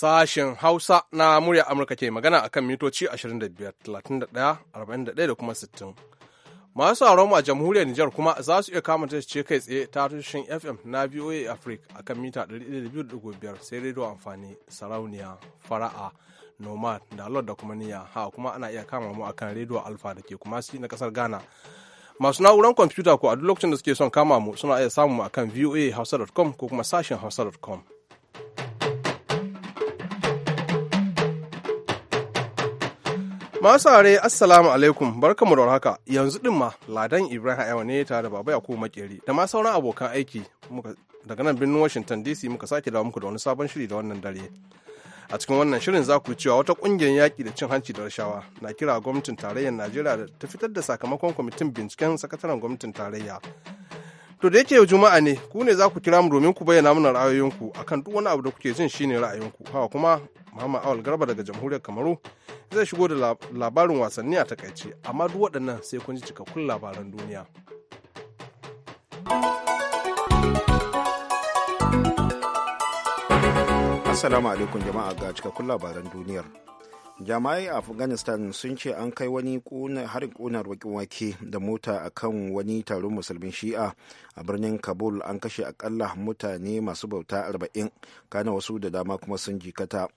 Sashen Hausa na murya Amurka ke magana akan mitoci 25, 31, 41 da kuma 60. Masu sauran a jamhuriyar Nijar kuma za su iya kama ce kai tsaye ta tushen FM na VOA Africa akan mita 102.5 sai rediyo amfani sarauniya fara'a nomad da da kuma niyya ha kuma ana iya kama mu akan rediyo alfa da ke kuma na kasar Ghana. masu na'urar kwamfuta ko a duk lokacin da suke son kama mu suna iya samun mu akan hausa.com ko kuma sashen hausa.com. Masu are assalamu alaikum barkamu da haka yanzu din ma ladan Ibrahim Aiwa ne tare da baba Yakubu Makeri da ma sauran abokan aiki daga nan birnin Washington DC muka sake dawo muku da wani sabon shiri da wannan dare. A cikin wannan shirin za ku cewa wata kungiyar yaƙi da cin hanci da rashawa na kira gwamnatin tarayyar Najeriya da ta fitar da sakamakon kwamitin binciken sakataren gwamnatin tarayya. To da yake juma'a ne ku ne za ku kira mu domin ku bayyana mana ra'ayoyinku akan duk wani abu da kuke jin shine ra'ayinku. Hawa kuma Mama Awal Garba daga Jamhuriyar Kamaru zai shigo da labarin wasanni a takaice, amma duk waɗannan sai kun ji cikakkun labaran duniya. Assalamu alaikum jama'a ga cikakkun labaran duniyar. jama'ai a afghanistan sun ce an kai wani harin kunar wakin wake da mota a kan wani taron musulmin shi'a a birnin kabul an kashe akalla mutane masu bauta 40 kana wasu da dama kuma sun jikata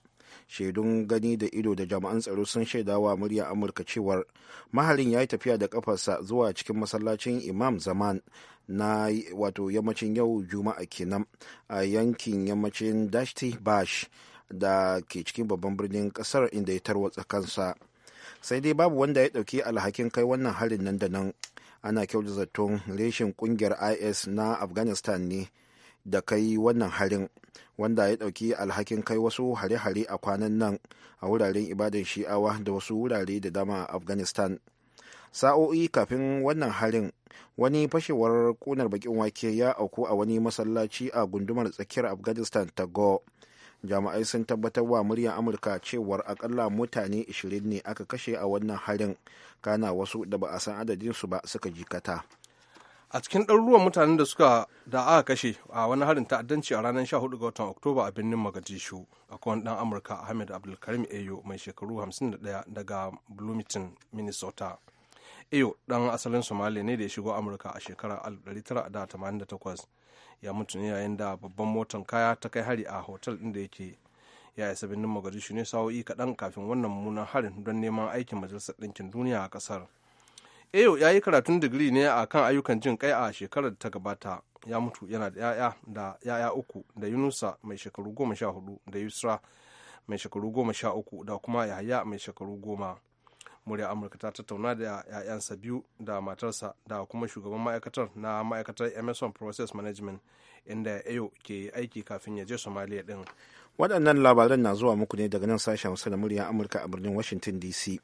shaidun gani da ido da jami'an tsaro sun shaidawa murya amurka cewar mahalin ya yi tafiya da kafarsa zuwa cikin masallacin imam zaman na wato yammacin yau juma'a kenan a yankin yammacin dashti bash da ke cikin babban birnin kasar inda ya tarwatsa kansa sai dai babu wanda ya ɗauki alhakin kai wannan harin nan da nan ana kyautar zaton reshen kungiyar is na afghanistan ne da kai wannan harin wanda ya ɗauki alhakin kai wasu hare-hare a kwanan nan a wuraren ibadan shi'awa da wasu wurare da dama a afghanistan sa'o'i kafin wannan harin wani fashewar kunar bakin wake ya auku a wani masallaci a gundumar tsakiyar afghanistan ta go jami'ai sun tabbatar wa muryar amurka cewar akalla mutane 20 ne aka kashe a wannan harin kana wasu da ba a san adadinsu ba suka jikata a cikin ɗaruruwan mutanen da suka da aka kashe a wani harin ta'addanci a ranar 14 ga watan oktoba a birnin magadishu a kowane ɗan amurka ahmed abdulkarim eyo mai shekaru 51 daga bloomington minnesota eyo ɗan asalin somalia ne da ya shigo amurka a shekarar 1988 ya mutu ne yayin da babban motar kaya ta kai hari a hotel ɗin da yake ya isa birnin magadishu ne sa'o'i kaɗan kafin wannan mummunan harin don neman aikin majalisar ɗinkin duniya a ƙasar Eyo ya yi karatun digiri ne a kan ayyukan jin kai a shekarar da ta gabata. Ya mutu yana da ‘ya'ya da ‘ya'ya uku da Yunusa mai shekaru goma sha hudu da Yusra mai shekaru goma sha uku da kuma Yahaya mai shekaru goma. Murya Amurka ta tattauna da ‘ya'yansa biyu da matarsa da kuma shugaban ma'aikatar na ma'aikatar Emerson Process Management inda Eyo ke aiki kafin ya je Somalia din. Waɗannan labaran na zuwa muku ne daga nan sashen Hausa da murya Amurka a birnin Washington DC.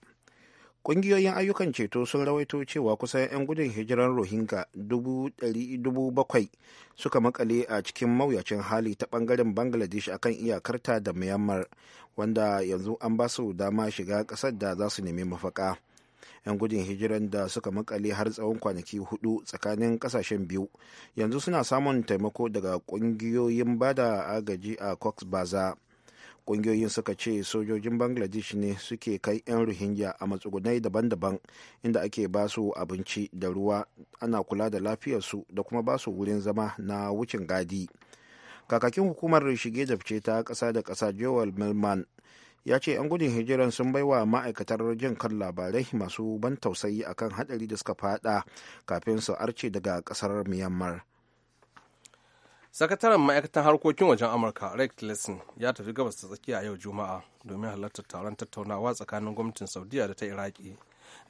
Ƙungiyoyin ayyukan ceto sun rawaito cewa kusan 'yan gudun hijiran Rohingya dubu bakwai suka makale a cikin mawuyacin hali ta ɓangaren Bangladesh akan iyakarta da Myanmar, wanda yanzu an ba su dama shiga ƙasar da za su nemi mafaka. 'Yan gudun hijiran da suka makale har tsawon kwanaki hudu tsakanin ƙasashen biyu, yanzu suna samun taimako daga ƙungiyoyin bada agaji a Cox's Bazaar. kungiyoyin suka ce sojojin bangladesh ne suke kai 'yan rohingya a matsugunai daban-daban inda ake ba su abinci da ruwa ana kula da lafiyarsu da kuma ba su wurin zama na wucin gadi kakakin hukumar shige da fice ta ƙasa da ƙasa joel milman ya ce 'yan gudun hijiran sun bai wa ma'aikatar jin kan labarai masu ban tausayi akan haɗari da suka fada kafin su arce daga ƙasar myanmar sakataren ma'aikatan harkokin wajen amurka rex tillerson ya tafi gabas ta tsakiya yau juma'a domin halartar taron tattaunawa tsakanin gwamnatin saudiya da ta iraki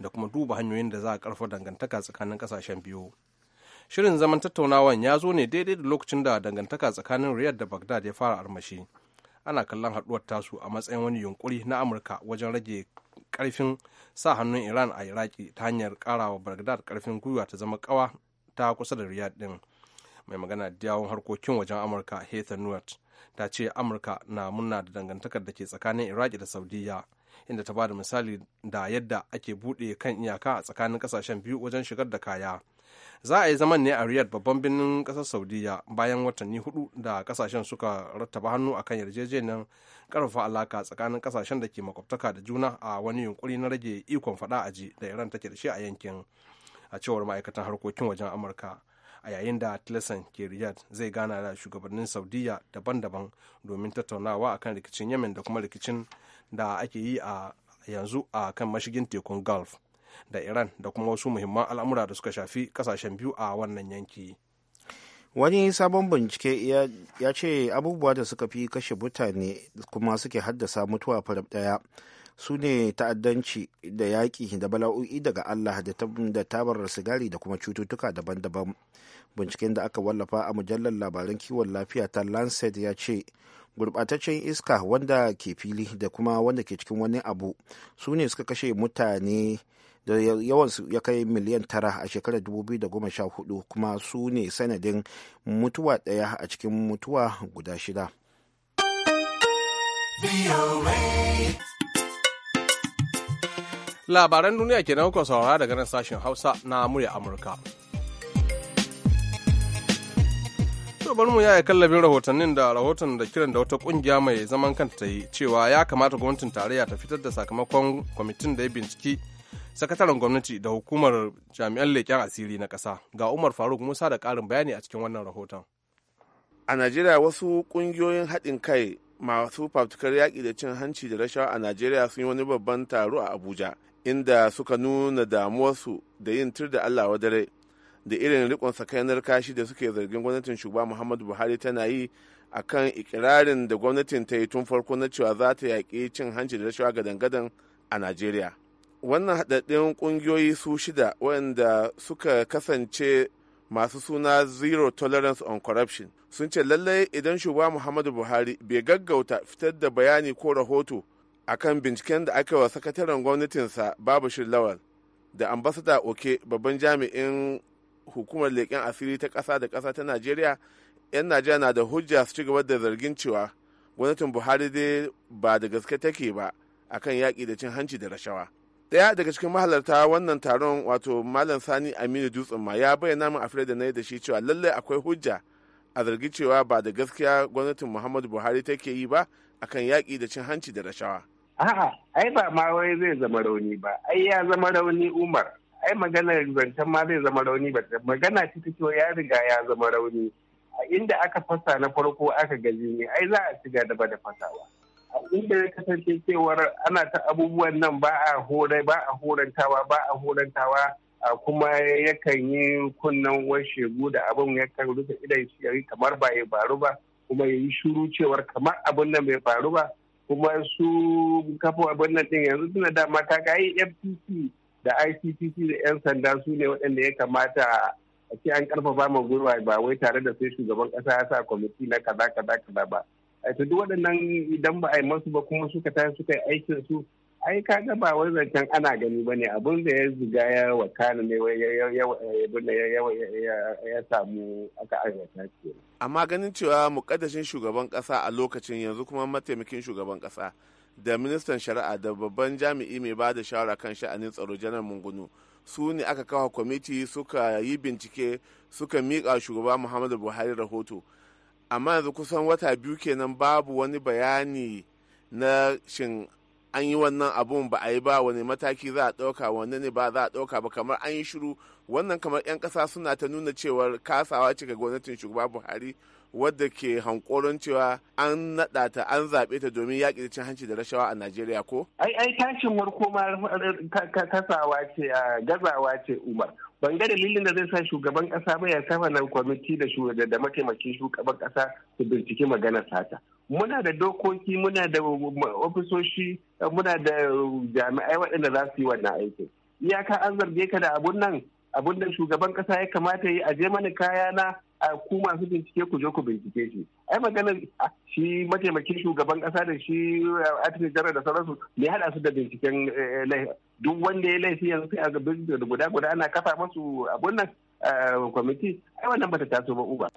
da kuma duba hanyoyin da za a karfa dangantaka tsakanin kasashen biyu shirin zaman tattaunawan ya zo ne daidai da lokacin da dangantaka tsakanin riyadh da bagdad ya fara armashi ana kallon haduwar tasu a matsayin wani yunkuri na amurka wajen rage karfin sa hannun iran a iraki ta hanyar karawa bagdad karfin gwiwa ta zama kawa ta kusa da riyadh din mai magana da yawon harkokin wajen amurka heather nuwat ta ce amurka na munna da dangantakar da ke tsakanin iraki da saudiya inda ta bada misali da yadda ake buɗe kan iyaka a tsakanin kasashen biyu wajen shigar da kaya za a yi zaman ne a riyadh babban birnin ƙasar saudiya bayan watanni hudu da ƙasashen suka rattaba hannu a kan yarjejeniyar ƙarfafa alaka tsakanin kasashen da ke makwabtaka da juna a wani yunkuri na rage ikon faɗa aji da iran take da shi a yankin a cewar ma'aikatan harkokin wajen amurka a yayin da tillerson ke riyad zai gana da shugabannin saudiya daban-daban domin tattaunawa akan rikicin yemen da kuma rikicin da ake yi a yanzu a kan mashigin tekun gulf da iran da kuma wasu muhimman al'amura da suka shafi kasashen biyu a wannan yanki wani sabon bincike ya ce abubuwa da suka fi kashe mutane kuma suke haddasa mutuwa farab daya su ne ta'addanci da yaƙi da bala'o'i daga Allah da tabar sigari da kuma cututtuka daban-daban. Binciken da aka wallafa a mujallar labaran kiwon lafiya ta Lancet ya ce gurbataccen iska wanda ke fili da kuma wanda ke cikin wani abu su ne suka kashe mutane da yawansu ya kai miliyan tara a shekarar 2014 kuma su ne sanadin mutuwa ɗaya a cikin mutuwa guda shida. labaran duniya ke nan saurara daga nan sashen hausa na murya amurka bari mu yi kallabin rahotannin da rahoton da kiran da wata kungiya mai zaman kanta ta yi cewa ya kamata gwamnatin tarayya ta fitar da sakamakon kwamitin da ya binciki sakataren gwamnati da hukumar jami'an leƙen asiri na ƙasa ga umar faruk musa da ƙarin bayani a cikin wannan rahoton a najeriya wasu ƙungiyoyin haɗin kai masu fafutukar yaƙi da cin hanci da rashawa a najeriya sun yi wani babban taro a abuja inda suka nuna damuwarsu da yin tir da Allah wa dare da irin rikon sakainar kashi da suke zargin gwamnatin shugaba Muhammadu Buhari tana yi a kan ikirarin da gwamnatin ta yi tun farko na cewa za ta yaƙi cin hanci da rashawa gadan-gadan a Najeriya. Wannan haɗaɗɗen ƙungiyoyi su shida waɗanda suka kasance masu suna Zero Tolerance on Corruption sun ce lallai idan shugaba Muhammadu Buhari bai gaggauta fitar da bayani ko rahoto a kan binciken da aka wa sakataren gwamnatinsa babu lawal da ambasada oke babban jami'in hukumar leƙen asiri ta ƙasa da ƙasa ta najeriya 'yan najeriya na da hujja su ci gaba da zargin cewa gwamnatin buhari dai ba da gaske take ba a kan yaƙi da cin hanci da rashawa ɗaya daga cikin mahalarta wannan taron wato malam sani aminu dutsen ma ya bayyana min afirai da na yi da shi cewa lallai akwai hujja a zargi cewa ba da gaskiya gwamnatin muhammadu buhari take yi ba akan yaƙi da cin hanci da rashawa A'a, ai ba ma wai zai zama rauni ba, ai ya zama rauni Umar. Ai maganar zancen ma zai zama rauni ba, magana ci ta ya riga ya zama rauni. A Inda aka fasa na farko aka gaji ne, ai za a ci gaba da fasawa. inda ya kasance cewar ana ta abubuwan nan ba a horai ba a horantawa ba a horantawa kuma yakan yi kunnen shegu da abin yakan rufe idan shi kamar ba ya faru ba kuma ya yi shuru cewar kamar abin nan bai faru ba kuma su kafa wannan ɗin yanzu suna dama kaga yi FCC da ICCC da 'yan sanda su ne waɗanda ya kamata a ce an karfafa ma gurwa ba wai tare da sai shugaban ƙasa ya sa kwamiti na kaza kaza kaza ba. to duk waɗannan idan ba a yi masu ba kuma suka tashi suka yi aikin su ai kaga ba wai zancen ana gani ba ne abin da ya ziga ya wakana ne ya samu aka aiwata ce. amma ganin cewa mukaddashin shugaban kasa a lokacin yanzu kuma mataimakin shugaban kasa da ministan shari'a da babban jami'i mai ba da shawara kan sha'anin tsaro janar mungunu su ne aka kawo kwamiti suka yi bincike suka miƙa shugaba muhammadu buhari rahoto amma yanzu kusan wata biyu kenan babu wani bayani na shin an yi wannan abun ba a yi ba wani mataki za a ɗauka wani ne ba za a ɗauka ba kamar an yi shiru wannan kamar 'yan kasa suna ta nuna cewar kasawa ce ga gwamnatin shugaba buhari wadda ke hankoron cewa an naɗa ta an zaɓe ta domin yaƙi da cin hanci da rashawa a Najeriya ko? Ai ai tashin warko kasawa ce a gazawa ce Umar. Ban ga dalilin da zai sa shugaban kasa ba ya saba nan kwamiti da da mataimakin shugaban kasa su binciki magana sata. Muna da dokoki muna da ofisoshi muna da jami'ai waɗanda za su yi wannan aikin. Iyaka an zarge ka da abun nan abin da shugaban kasa ya kamata yi a je mana kaya na a ku masu bincike ku je ku bincike shi ai magana shi mataimakin shugaban kasa da shi eh, attorney general da sauransu ne hada su da binciken eh, duk wanda ya laifi yanzu sai a guda guda ana kafa masu abun nan eh, kwamiti ai wannan bata taso ba uba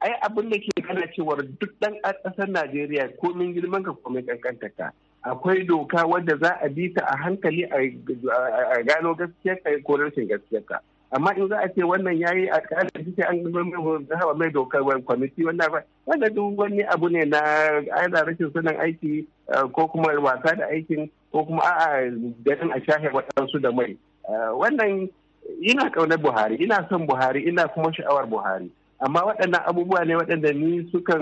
ai abin da ke gana cewar duk dan kasar Najeriya komin girman ka komai kankanta ka akwai doka wadda za a bi ta a hankali a gano gaskiyar ka ko rashin gaskiyar amma in za a ce wannan ya yi a ƙasar shi an hawa mai dokar wani kwamiti wannan ba wannan duk wani abu ne na ana rashin sanin aiki eh, ko kuma wasa da aikin ko kuma a'a ganin a shahe waɗansu da mai eh, wannan ina ƙaunar buhari ina son buhari ina kuma sha'awar buhari amma waɗannan abubuwa ne waɗanda ni sukan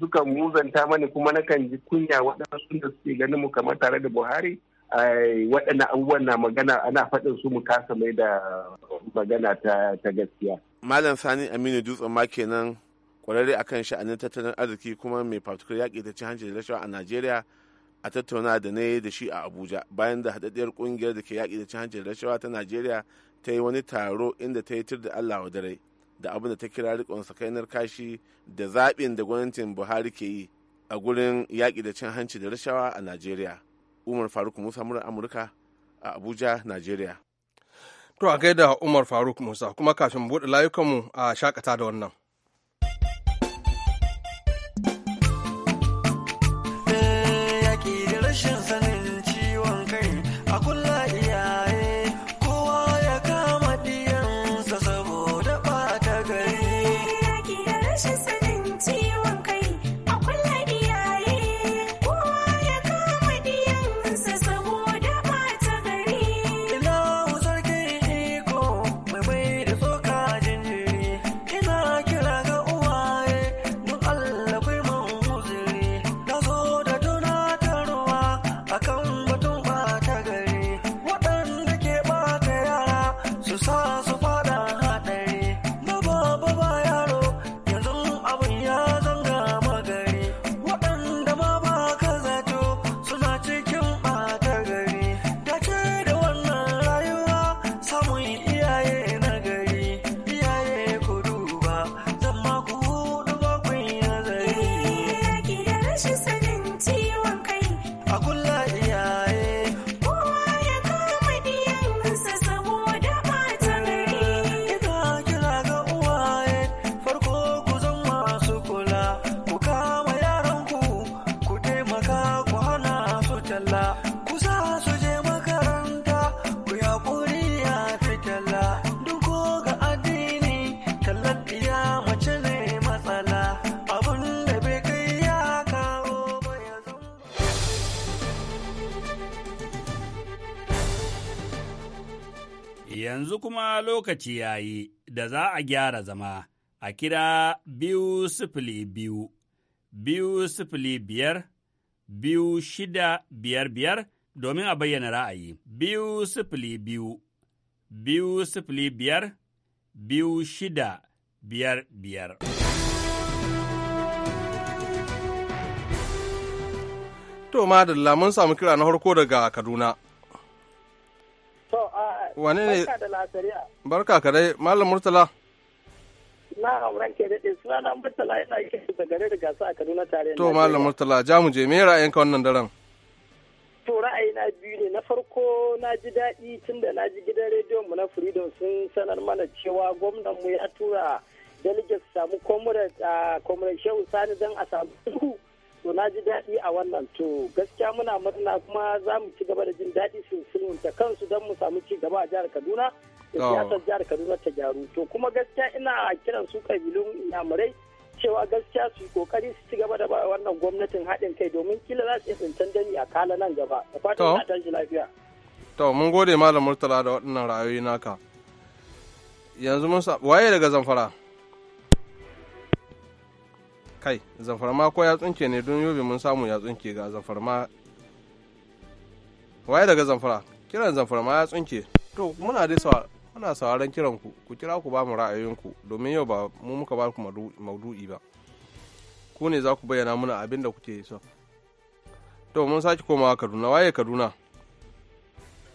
sukan muzanta mani kuma nakan ji kunya waɗansu da suke ganin mu kamar tare da buhari waɗanda abubuwan na magana ana faɗin su mu kasa mai da magana ta gaskiya. Malam Sani Aminu Dutsen ma kenan kwararre akan sha'anin tattalin arziki kuma mai fatukar yaƙi da cin hanci da rashawa a Najeriya a tattauna da na da shi a Abuja bayan da haɗaɗɗiyar ƙungiyar da ke yaƙi da cin hanci da rashawa ta Najeriya ta yi wani taro inda ta yi tir da Allah wa dare da abin da ta kira riƙon sakainar kashi da zaɓin da gwamnatin Buhari ke yi a gurin yaƙi da cin hanci da rashawa a Najeriya. umar faruk musa murar amurka a abuja nigeria to a gaida umar faruk musa kuma kafin buɗe layukanmu a shakata da wannan lokaci ya yi da za a gyara zama a kira biyu sifili biyu, biyu sifili biyar, biyu shida biyar biyar domin a bayyana ra'ayi, biyu sifili biyu, biyu sifili biyar, biyu shida biyar biyar. To, madalla mun samu kira na harko daga Kaduna. Wane ne? Barka Barka ka dai, Malam Murtala. Na auren ke suna nan Murtala yana yake da gare da gasa a Kaduna tare. To, Malam Murtala, ja mu je, me ka wannan daren? To, na biyu ne, na farko na ji daɗi tun da na ji gidan rediyon mu na Freedom sun sanar mana cewa gwamnan mu ya tura delegates samu comrade, ah, comrade Shehu Sani don a samu to na ji daɗi a wannan to gaskiya muna murna kuma za mu ci gaba da jin daɗi su sulunta kansu don mu samu ci gaba a jihar kaduna da siyasar jihar kaduna ta gyaru to kuma gaskiya ina kiran su kabilun inyamurai cewa gaskiya su kokari su ci gaba da ba wannan gwamnatin haɗin kai domin kila za su iya tsintan dani a kala nan gaba da fatan hatan shi lafiya. to mun gode malam murtala da waɗannan ra'ayoyi naka yanzu mun waye daga zamfara. kai zafarma ko ya tsunke ne don yobe mun samu ya tsunke ga zafarma waye daga zamfara kiran zamfara ya tsunke to muna dai muna sauraron kiran ku ku kira ku ba mu ra'ayoyinku domin yau ba mu muka ba ku maudu'i ba ku ne za ku bayyana muna abin da kuke so to mun sake komawa kaduna waye kaduna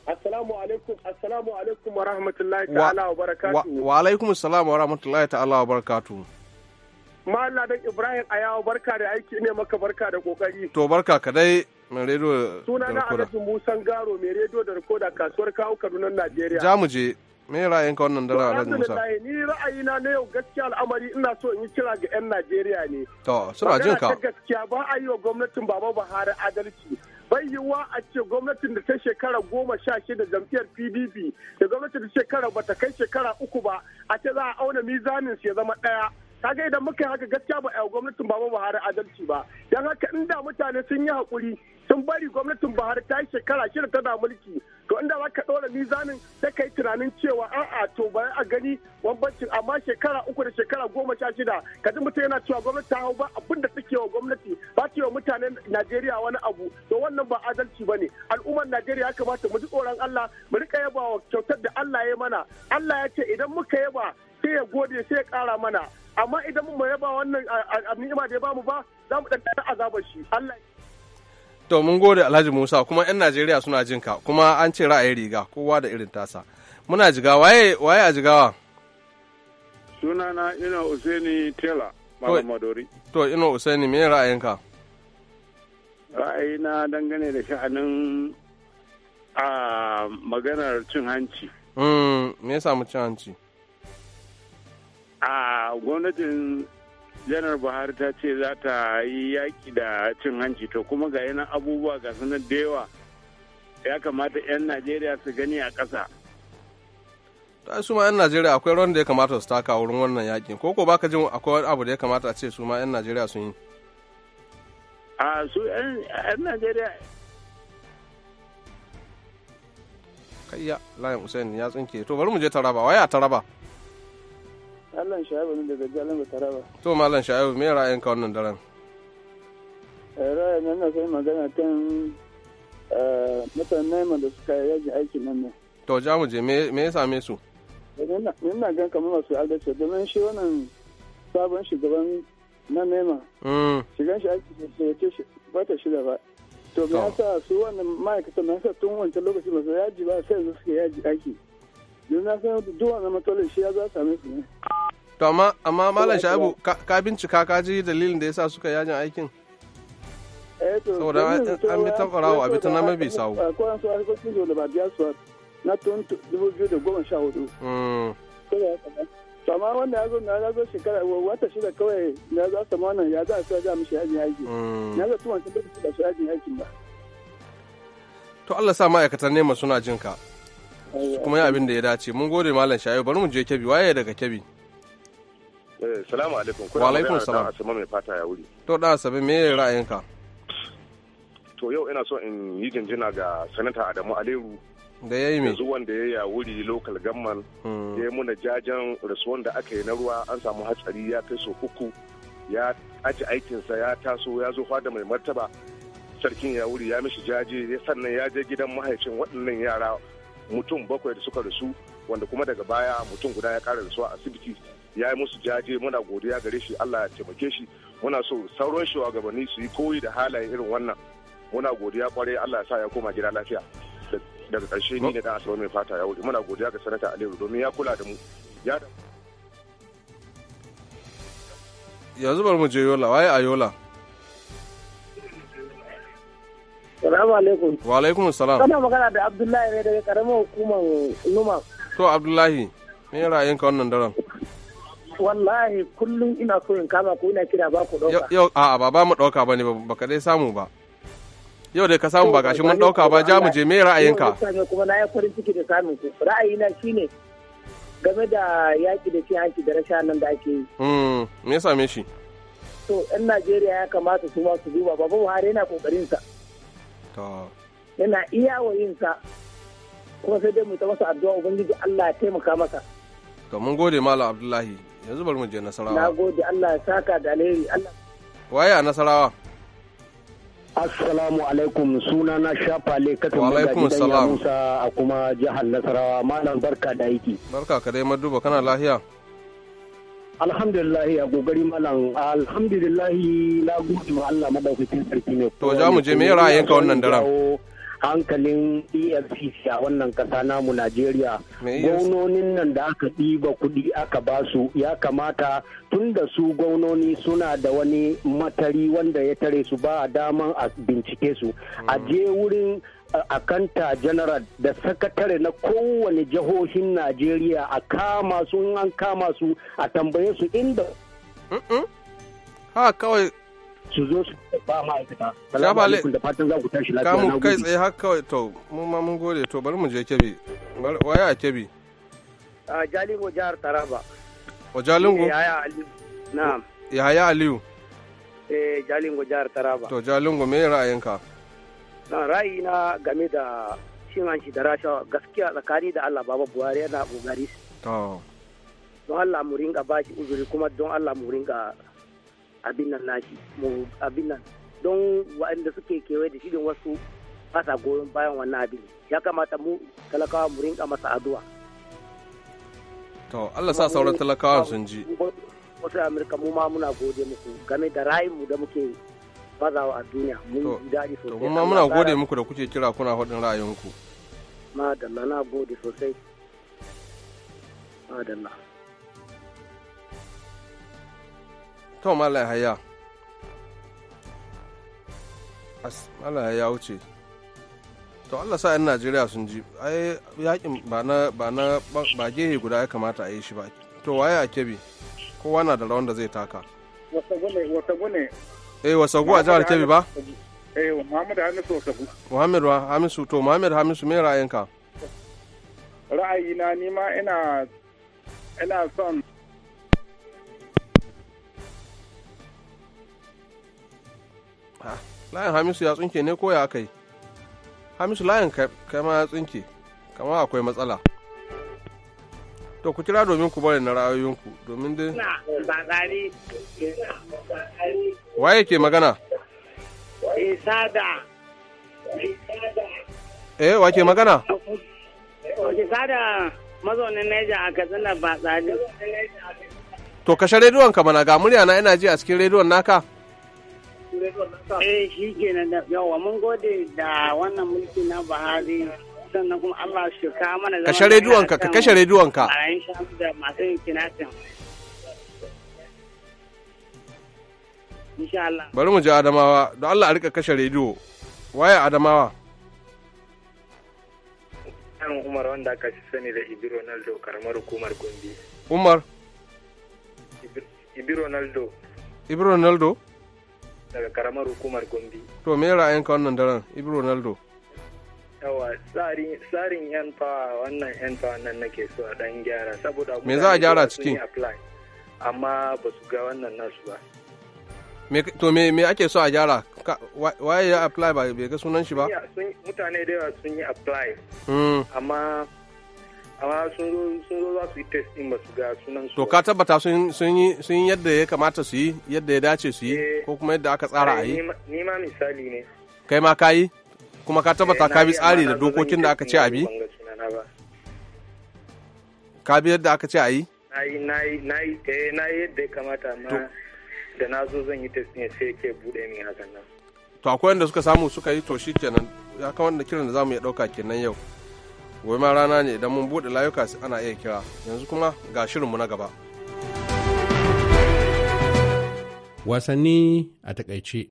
assalamu alaikum assalamu alaikum wa rahmatullahi ta'ala wa barakatuhu wa alaikum assalam wa rahmatullahi ta'ala wa barakatuhu dan Ibrahim Ayawa barka da aiki ne maka barka da kokari. To barka ka dai mai rediyo da Suna na Alhaji Musan Garo mai rediyo da rikoda kasuwar kawo Kaduna Najeriya. Ja mu je me ka wannan dara Alhaji Musa? Ni ra'ayina na yau gaskiya al'amari ina so in yi kira ga 'yan Najeriya ne. To suna jin ka. gaskiya ba a yi wa gwamnatin Baba Buhari adalci. bai yiwuwa a ce gwamnatin da ta shekara goma sha shida jam'iyyar pdp da gwamnatin da shekara bata kai shekara uku ba a ce za a auna mizanin su ya zama ɗaya kaga idan muka haka gaskiya ba a gwamnatin baba Buhari adalci ba dan haka inda mutane sun yi hakuri sun bari gwamnatin Buhari ta yi shekara shida tana mulki to inda za ka ɗora mizanin ta kai tunanin cewa a'a to bari a gani wambancin amma shekara uku da shekara goma sha shida ka ji mutum yana cewa gwamnati ta hau ba abin da take wa gwamnati ba ta wa mutanen Najeriya wani abu to wannan ba adalci ba ne al'ummar Najeriya ya kamata mu ji tsoron Allah mu rika yabawa kyautar da Allah ya mana Allah ya ce idan muka yaba sai ya gode sai ya kara mana amma idan mu yaba wannan ni'ima da ya bamu ba za mu ɗanɗana azabar shi Allah To mun gode Alhaji Musa kuma 'yan Najeriya suna jin ka kuma an ce ra'ayi riga kowa da irin tasa. Muna jiga waye waye a jigawa? Sunana ina Usaini Tela Malam Madori. To ina Usaini me ra'ayinka? Ra'ayina dangane da sha'anin a maganar cin hanci. Mm, me yasa mu cin hanci? gwamnatin janar buhari ta ce za ta yi yaƙi da cin hanci to kuma ga yanan abubuwa ga sanar da yawa ya kamata 'yan najeriya su gani a ƙasa ta su ma 'yan najeriya akwai ruwan da ya kamata su taka wurin wannan yaƙin ko ko baka jin akwai wani abu da ya kamata a ce su ma 'yan najeriya sun yi a su 'yan najeriya kayya layin usaini ya tsinke to bari mu je taraba waya taraba Allah sha'ibu ne daga Jalingo Taraba. To Malam sha'ibu me ra'ayinka wannan daren? Eh, ra'ayin nan sai magana kan eh, mutanen da suka yaji aikin nan ne. To ja mu je me ya same su? Eh, Ina gan kamar masu aldace domin shi wannan sabon shugaban na nema. Mm. Shigan shi aiki ce ba ta shida ba. To me yasa su wannan ma'aikatan na tun wancan lokaci masu yaji ba sai yanzu suke yaji aiki. Don na san duk wannan matsalolin shi ya za same su ne. to amma amma malam sha'ibu ka bincika ka ji dalilin da yasa suka yajin aikin eh, saboda an bi takwara wa abitin na mabi sawu akwai su harkokin da ba biya su na tun 2014 hmm. amma wanda ya zo na ya zo shekara wata shida kawai na za su wannan ya za a sa ja mishi yajin aiki hmm. na ga tuwon sun bai da su yajin aikin ba to Allah sa ma'aikatan nema suna jinka kuma yi abin da ya dace mun gode malam shayo bari mu je kebi waye daga kebi Eh, salamu alaikum. Wa alaikum salam. mai fata ya wuri. To da Asabe me ka To yau ina so in yi jinjina ga Sanata Adamu alehu Da ya yi me? Yanzu wanda ya yi a wuri local gamman. Ya yi muna jajen rasuwan da aka yi na ruwa an samu hatsari ya kai so uku. Ya aji aikinsa ya taso ya zo fada mai martaba. Sarkin ya wuri ya mishi jaje sannan ya je gidan mahaifin waɗannan yara mutum bakwai da suka rasu wanda kuma daga baya mutum guda ya ƙara rasuwa asibiti ya yi musu jaje muna godiya gare shi Allah ya taimake shi muna so sauran shugabanni su yi koyi da halaye irin wannan muna godiya kwarai Allah ya sa ya koma gida lafiya daga ƙarshe ni ne dan asabar mai fata ya wuce muna godiya ga sanata Aliyu domin ya kula da mu ya yanzu bari mu je Yola waye a Yola Salamu alaikum. Wa alaikum salam. Kana magana da Abdullahi ne daga karamar hukumar Numa. To Abdullahi, me ra'ayinka wannan daren? wallahi kullum ina so in kama ko ina kira ba ku dauka yau a'a ba ba mu dauka bane ba baka dai samu ba yau dai ka samu ba gashi mun dauka ba ja mu je me ra'ayinka kuma na yi farin ciki da samun ku na shine game da yaki da cin hanci da rasha nan da ake yi hmm, me ya same shi to yan Najeriya ya kamata su ma su duba babu Buhari yana kokarin sa to yana iya wayin sa kuma sai dai mu ta masa addu'a ubangiji Allah ya taimaka masa to mun gode malam Abdullahi yanzu bari mu je nasarawa na gode Allah ya saka da alheri Allah waye a nasarawa Assalamu alaikum suna na shafa le katon magaji gidan ya Musa a kuma jihar Nasarawa malam barka da aiki. Barka ka dai maduba kana lahiya. Alhamdulillah ya gogari malam alhamdulillah na gode ma Allah madaukakin sarki ne. To ja mu je me ra'ayinka wannan daren? hankalin efcc a wannan kasa namu najeriya e gwamnonin nan da aka ɗiba kuɗi aka ba su ya kamata tun da su gwamnoni suna da wani matari wanda ya tare su ba a daman a bincike su a hmm. je wurin akanta general da sakatare na kowane jihohin najeriya a kama su an kama su a tambaye su inda ha kawai su zo su ba ma'aikata. Salamu alaikum da fatan Kamu kai tsaye haka kawai to mun ma mun gode to bari mu je Kebbi. Waya a Kebbi. Jalingo jihar Taraba. O Jalingo? Eh, Yahaya Aliyu. Na'am. Yahaya Aliyu. Eh Jalingo jihar Taraba. To Jalingo me ra'ayinka? Na ra'ayi na game da cin hanci da rashawa gaskiya tsakani da Allah Baba Buhari yana kokari. To. Don Allah mu ringa baki uzuri kuma don Allah mu ringa abin nan nashi mu abin nan don waɗanda suke kewaye da shi don wasu ba sa goyon bayan wannan abin ya kamata mu talakawa mu rinka masa addu'a to Allah sa sauran talakawa sun ji wasu Amurka mu ma muna gode muku game da rayu mu da muke bazawa a duniya mun ji daɗi sosai to ma muna gode muku da kuke kira kuna faɗin ra'ayinku madalla na gode sosai madalla to malam haya malam haya wuce to allah sa najeriya sun ji ai yakin ba na ba na ba gehe guda ya kamata a yi shi ba to waye a kebe kowa na da rawan da zai taka wasagu ne eh wasagu a jihar kebe ba eh muhammad hamisu wasagu muhammad hamisu to muhammad hamisu me ra'ayinka ra'ayina ni ma ina ina son layin hamisu ya tsinke ne ko ya aka yi hamisu layin kai ma ya tsinke, kama akwai matsala to ku kira domin ku bari na ra'ayoyinku domin dai wa ke magana isada eh wa ke magana isada mazaunin neja a katsina ba tsari to kashe rediyon ka mana ga murya na ina ji a cikin rediyon naka Eh shi mun gode da wannan mulki na Buhari sannan kuma Allah ka mana ka kashe Bari mu je Adamawa don Allah a rika kashe rediyo. Waye Adamawa? Ɗan Umar wanda aka fi sani da Ibi Ronaldo karamar hukumar Gombe. Umar? Ibi Ronaldo. Ibi Ronaldo? daga karamar hukumar gombe to me ra'ayinka wannan daren ibi ronaldo yawa tsarin yan fawa wannan yan fawa nan nake so a dan gyara saboda me za a gyara ciki amma ba su ga wannan nasu ba to me me ake so a gyara waye ya apply ba bai ga sunan shi ba mutane da yawa sun yi apply hmm. amma amma sun zo za su yi test din basu ga sunan su to ka tabbata sun yi yadda ya kamata su yi yadda ya dace su yi eh. ko kuma yadda aka tsara a yi ni ma misali ne kai ma kayi kuma ka tabbata eh, ka bi tsari da dokokin da aka ce a bi ka bi yadda aka ce a yi na yi eh, yadda ya kamata amma da na zo zan yi test ne sai ke bude min hakan nan to akwai wanda suka samu suka yi to shi kenan ya kawo wanda kiran da zamu iya dauka kenan yau gobe ma rana ne idan mun buɗe layuka ana iya kira yanzu kuma ga shirinmu na gaba wasanni a takaice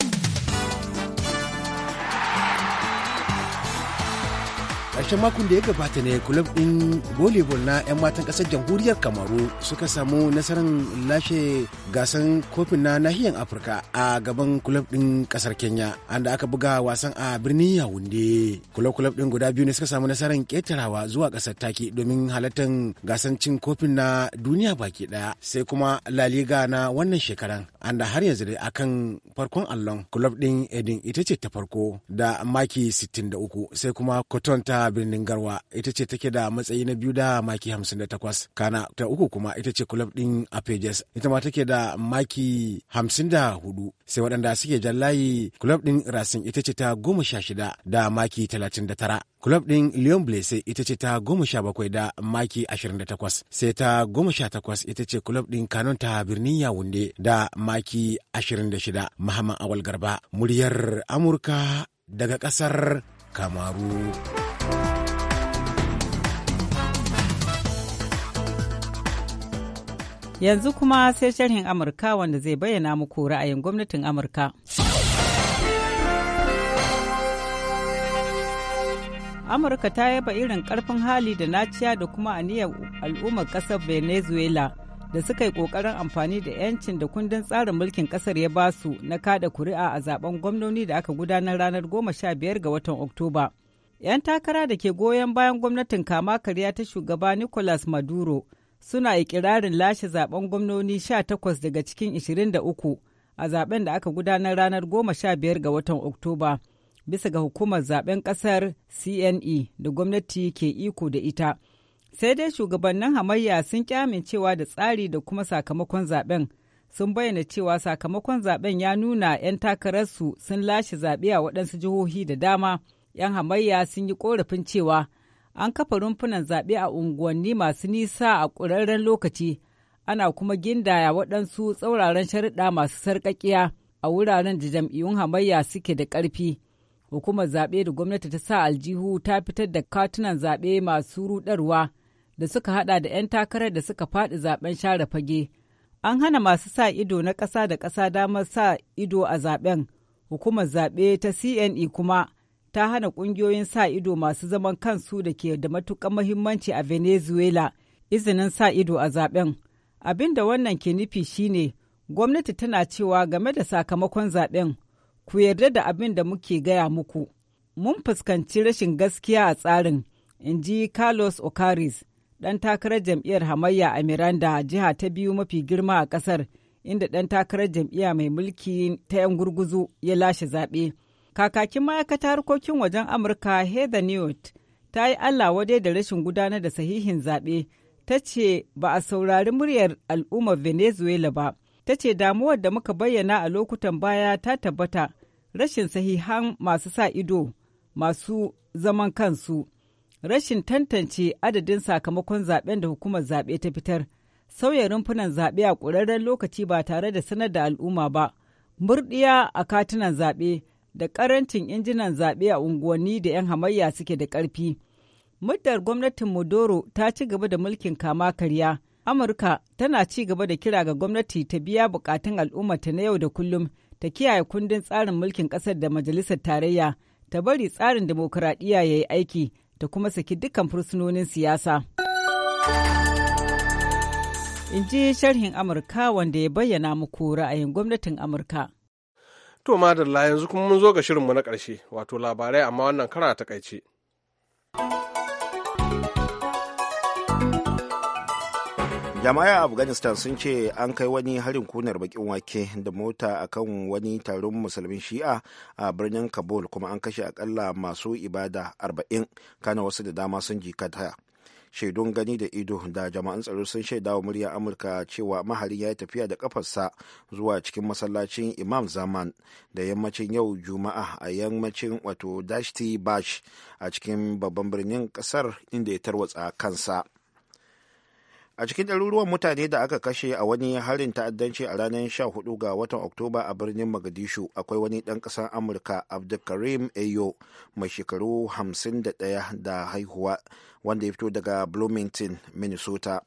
karshen makon da ya gabata ne kulub ɗin volleyball na 'yan matan kasar jamhuriyar kamaru suka samu nasarar lashe gasan kofin na nahiyar afirka a gaban kulob din kasar kenya anda aka buga wasan a birnin yawunde kulub kulub din guda biyu ne suka samu nasarar ketarawa zuwa kasar taki domin halartar gasan cin kofin na duniya baki ɗaya sai kuma laliga na wannan shekaran da har yanzu dai akan farkon allon kulob din edin ita ce ta farko da maki 63 sai kuma cotton ta birnin Garwa ita ce take da matsayi na biyu da maki 58. Kana ta uku kuma ita ce club din Apejes ita ma take da maki 54. Sai waɗanda suke jan layi club din Racing ita ce ta goma sha shida da maki 39. Club ɗin leon Blaise ita ce ta goma sha bakwai da maki ashirin da takwas. Sai ta goma sha takwas ita ce club ɗin Kanon ta birnin Yawunde da maki ashirin da shida. Muhammad Awal Garba, muryar Amurka daga ƙasar Kamaru. Yanzu kuma sai sharhin Amurka wanda zai bayyana muku ra'ayin gwamnatin Amurka. Amurka ta yaba irin karfin hali da naciya da kuma aniyar al'ummar ƙasar Venezuela da suka yi ƙoƙarin amfani da 'yancin da kundin tsarin mulkin ƙasar ya basu na kada kuri'a a zaben gwamnoni da aka gudanar ranar 15 ga watan Oktoba. 'Yan takara da ke goyon bayan gwamnatin kama karya ta shugaba Nicolas Maduro suna ikirarin lashe zaben gwamnoni 18 daga cikin 23 a zaben da aka gudanar ranar 15 ga watan Oktoba, bisa ga hukumar zaben ƙasar CNE da gwamnati ke iko da ita. Sai dai shugabannin hamayya sun kyamincewa da tsari da kuma sakamakon zaben. Sun bayyana cewa sakamakon zaben ya nuna 'yan takararsu sun lashe zaɓe a waɗansu jihohi da dama. 'Yan hamayya sun yi ƙorafin cewa an kafa rumfunan zaɓe a unguwanni masu nisa a ƙurarren lokaci ana kuma gindaya waɗansu tsauraran sharuɗa masu sarƙaƙiya a wuraren da jam'iyyun hamayya suke da ƙarfi hukumar zaɓe da gwamnati ta sa aljihu ta fitar da katunan zaɓe masu ruɗarwa da suka haɗa da 'yan takarar da suka faɗi zaɓen share fage an hana masu sa ido na ƙasa da ƙasa damar sa ido a zaɓen hukumar zaɓe ta cne kuma ta hana ƙungiyoyin sa ido masu zaman kansu da ke da matuƙar mahimmanci a Venezuela izinin sa ido a zaben. abinda wannan ke nufi shine gwamnati tana cewa game da sakamakon zaben ku yarda da abin da muke gaya muku. Mun fuskanci rashin gaskiya a tsarin, in ji Carlos Ocaris, ɗan takarar jam'iyyar hamayya a Miranda jiha ta biyu mafi girma a ƙasar, inda ɗan takarar jam'iyya mai mulki ta 'yan gurguzu ya lashe zaɓe. Kakakin ma'aikatar harkokin wajen Amurka Heather Newt ta yi Allah wade da rashin gudanar da sahihin zaɓe. Ta ce ba a saurari muryar al'ummar Venezuela ba. Ta ce damuwar da muka bayyana a lokutan baya ta tabbata rashin sahihan masu sa ido masu zaman kansu. Rashin tantance adadin sakamakon zaben da hukumar zaɓe ta fitar. Sauya rumfunan zaɓe a ƙurarren lokaci ba tare da sanar da al'umma ba. Murɗiya a katunan zaɓe da ƙarancin injinan zaɓe a unguwanni da 'yan hamayya suke da ƙarfi. Muddar gwamnatin Modoro ta ci gaba da mulkin kama karya. Amurka tana ci gaba da kira ga gwamnati ta biya bukatun al'ummata na yau da kullum ta kiyaye kundin tsarin mulkin ƙasar da majalisar tarayya ta bari tsarin demokuraɗiyya ya yi aiki ta kuma saki dukkan fursunonin siyasa. In ji sharhin Amurka wanda ya bayyana muku ra'ayin gwamnatin Amurka. To madalla yanzu kuma mun zo ga shirinmu na ƙarshe wato labarai amma wannan kara ta kaice. jama'a afghanistan sun ce an kai wani harin kunar bakin wake da mota akan wani taron musulmin shi'a a birnin kabul kuma an kashe akalla masu ibada 40 kana wasu da dama sun jikata shaidun gani da ido da jama'an tsaro sun shaida wa muryar amurka cewa maharin ya yi tafiya da kafarsa zuwa cikin masallacin imam zaman da yammacin yau juma'a a yammacin wato dashti bash a cikin babban birnin kasar inda ya tarwatsa kansa a cikin ɗaruruwan mutane da aka kashe a wani harin ta'addanci a ranar 14 ga watan oktoba a birnin magadishu akwai wani ɗan ƙasar amurka abdulkarim ayo mai shekaru 51 da haihuwa wanda ya fito daga bloomington minnesota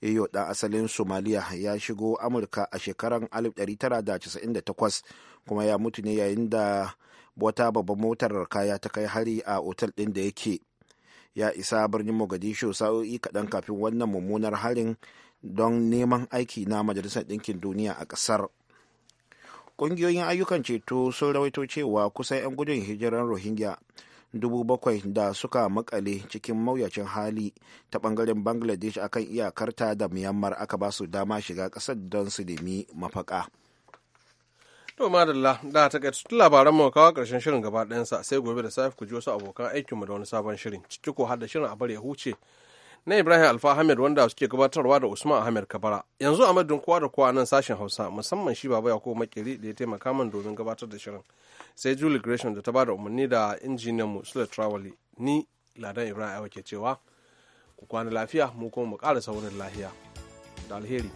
eyo ɗan asalin somalia ya shigo amurka a shekarar 1998 kuma ya mutu ne yayin da wata babban motar kaya ta kai hari a otal ɗin da yake ya isa birnin mogadishu sa'o'i kaɗan kafin wannan mummunar harin don neman aiki na majalisar ɗinkin duniya a ƙasar ƙungiyoyin ayyukan ceto sun rawaito cewa kusan 'yan gudun hijiran rohingya dubu bakwai da suka makale cikin mawuyacin hali ta bangaren bangladesh akan iyakarta da myanmar aka ba su dama shiga ƙasar don su nemi mafaka. To madalla da ta kai labaran mu kawo karshen shirin gaba sa sai gobe da safi ku ji wasu abokan aikinmu da wani sabon shirin ciki ko hada shirin a bari ya huce na Ibrahim Alfa Ahmed wanda suke gabatarwa da Usman Ahmed Kabara. Yanzu a madadin kowa da kowa nan sashen Hausa musamman shi Baba Yakubu Makeri da ya taimaka min domin gabatar da shirin. Sai Julie Gresham da ta bada umarni da injiniyan mu Sule Trawali ni Ladan Ibrahim ke cewa ku kwana lafiya mu kuma mu ƙara saurin lafiya Da alheri.